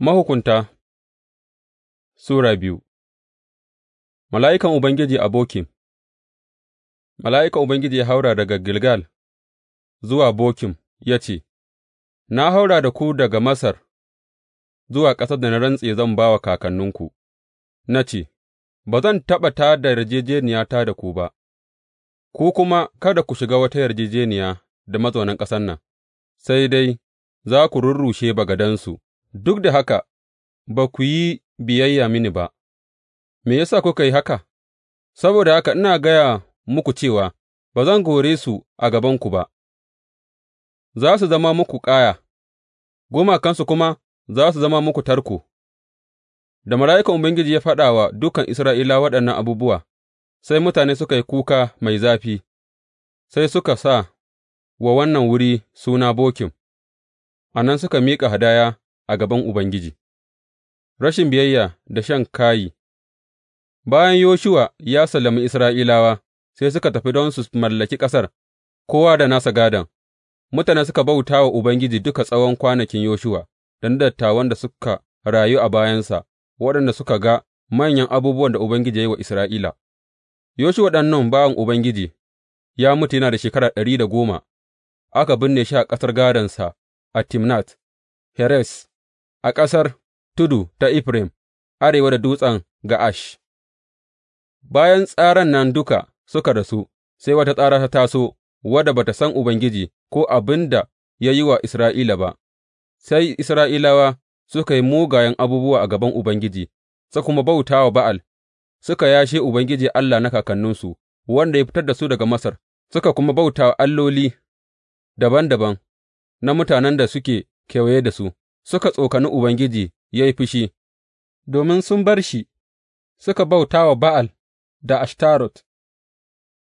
Mahukunta Sura biyu Mala'ikan Ubangiji a Bokim Mala'ikan Ubangiji ya haura daga Gilgal zuwa Bokim ya ce, Na haura da ku daga Masar zuwa ƙasar da na rantse zan ba wa kakanninku, na ce, Ba zan taɓa ta da yarjejeniyata da ku ba, ku kuma kada ku shiga wata yarjejeniya da mazaunan ƙasan nan, sai dai za ku rurrushe bagadansu. duk da haka ba ku yi biyayya mini ba, me ya sa kuka yi haka? Saboda haka ina gaya muku cewa ba zan gore su a gabanku ba, za su zama muku ƙaya, gumakansu kuma za su zama muku tarko. Da mala'ikan Ubangiji ya faɗa wa dukan Isra'ila waɗannan abubuwa, sai mutane suka yi kuka mai zafi, sai suka sa wa wannan wuri suna Bokim, a nan suka miƙa hadaya a gaban Ubangiji Rashin biyayya da shan kayi Bayan Yoshuwa ya sallami Isra'ilawa, sai suka tafi don su mallaki ƙasar, kowa da nasa gādon, mutane suka bauta wa Ubangiji duka tsawon kwanakin Yoshuwa da na dattawan da suka rayu a bayansa, waɗanda suka ga manyan abubuwan da Ubangiji ya yi wa Isra'ila. Yoshuwa ɗan Nun bawan Ubangiji ya mutu yana da shekara ɗari da goma, aka binne shi a ƙasar gādonsa a Timnat Heres. a ƙasar tudu ta Efraim, arewa da dutsen Ga'ash. Bayan tsaran nan duka suka rasu, sai wata tsara ta taso wadda ba ta san Ubangiji ko abin da ya yi wa Isra'ila ba, sai Isra'ilawa suka yi mugayen abubuwa a gaban Ubangiji, suka kuma bauta wa Ba'al, suka yashe Ubangiji Allah na kakanninsu, wanda ya fitar da su daga Masar, suka kuma bauta wa alloli daban daban na mutanen da suke kewaye da su. suka tsokani Ubangiji ya yi fushi, domin sun bar shi suka bauta wa Ba'al da Ashtarot,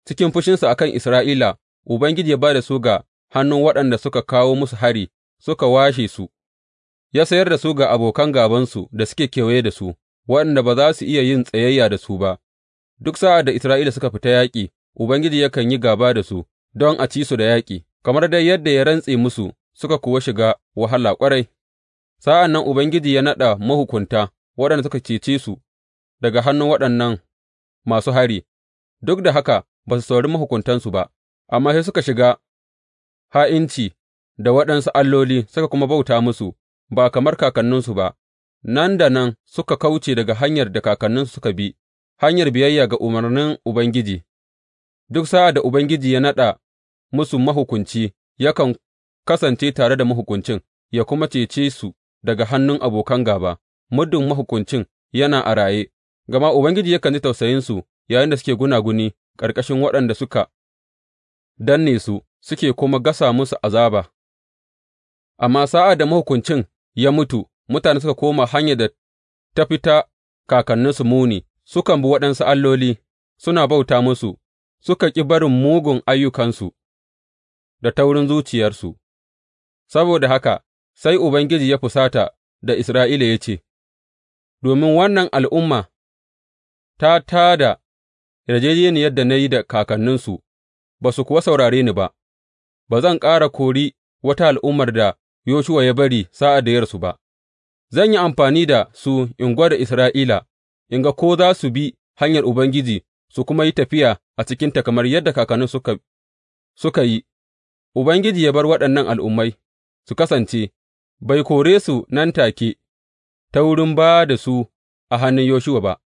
cikin fushinsa a kan Isra'ila, Ubangiji ya ba da su ga hannun waɗanda suka kawo musu hari suka washe su, ya sayar da su ga abokan gabansu da suke kewaye da su, waɗanda ba za su iya yin tsayayya da su ba. Duk sa'ad da Isra'ila suka fita yaƙi, Ubangiji yakan yi gaba da su don a ci su da yaƙi, kamar dai yadda ya rantse musu suka kuwa shiga wahala ƙwarai. Sa'an nan Ubangiji ya naɗa mahukunta waɗanda suka cece su daga hannun waɗannan masu hari, duk da haka ba su saurari mahukuntansu ba, amma sai suka shiga ha'inci da waɗansu alloli suka kuma bauta musu ba kamar kakanninsu ba, nan da nan suka kauce daga hanyar da kakanninsu suka bi, hanyar biyayya ga umarnin Ubangiji, duk sa'ad da Ubangiji ya naɗa musu mahukunci, yakan kasance tare da mahukuncin, ya kuma cece su. daga hannun abokan gāba, muddin mahukuncin yana a raye, gama Ubangiji yakan ji tausayinsu yayinda suke gunaguni ƙarƙashin waɗanda suka danne su suke kuma gasa musu azaba. Amma sa'ad da mahukuncin ya mutu, mutane suka koma hanyar da ta fi ta kakanninsu muni, sukan bi waɗansu alloli, suna bauta musu, suka ƙi barin mugun ayyukansu da taurin zuciyarsu, saboda haka Sai Ubangiji ya fusata da Isra'ila ya ce, Domin wannan al'umma ta tā da da na yi da kakanninsu, ba su kuwa saurare ni ba, ba zan ƙara kori wata al'ummar da Yoshuwa ya bari sa'ad da yarsu ba, zan yi amfani da su in gwada Isra'ila, in ga ko za su bi hanyar Ubangiji su kuma yi tafiya a cikinta kamar yadda kakannin suka yi, Ubangiji ya bar waɗannan al'ummai su kasance bai kore su nan take ta wurin ba da su a hannun Yoshuwa ba.